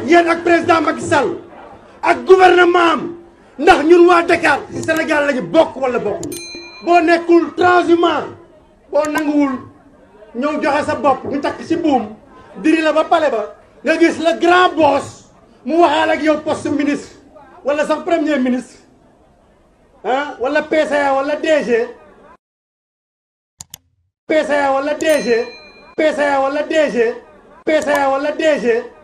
laaj yéen ak président Macky Sall ak gouvernement am ndax ñun waa Dakar ci Sénégal lañu bokk wala bokkuñu. boo nekkul transhumant boo nanguwul ñëw joxe sa bopp ñu takk ci buum diri la ba pale ba nga gis la grand boss mu waxaal ak yow poste ministre wala sax premier ministre ah wala PCA wala DG. PCA wala DG. PCA wala DG. PCA wala DG.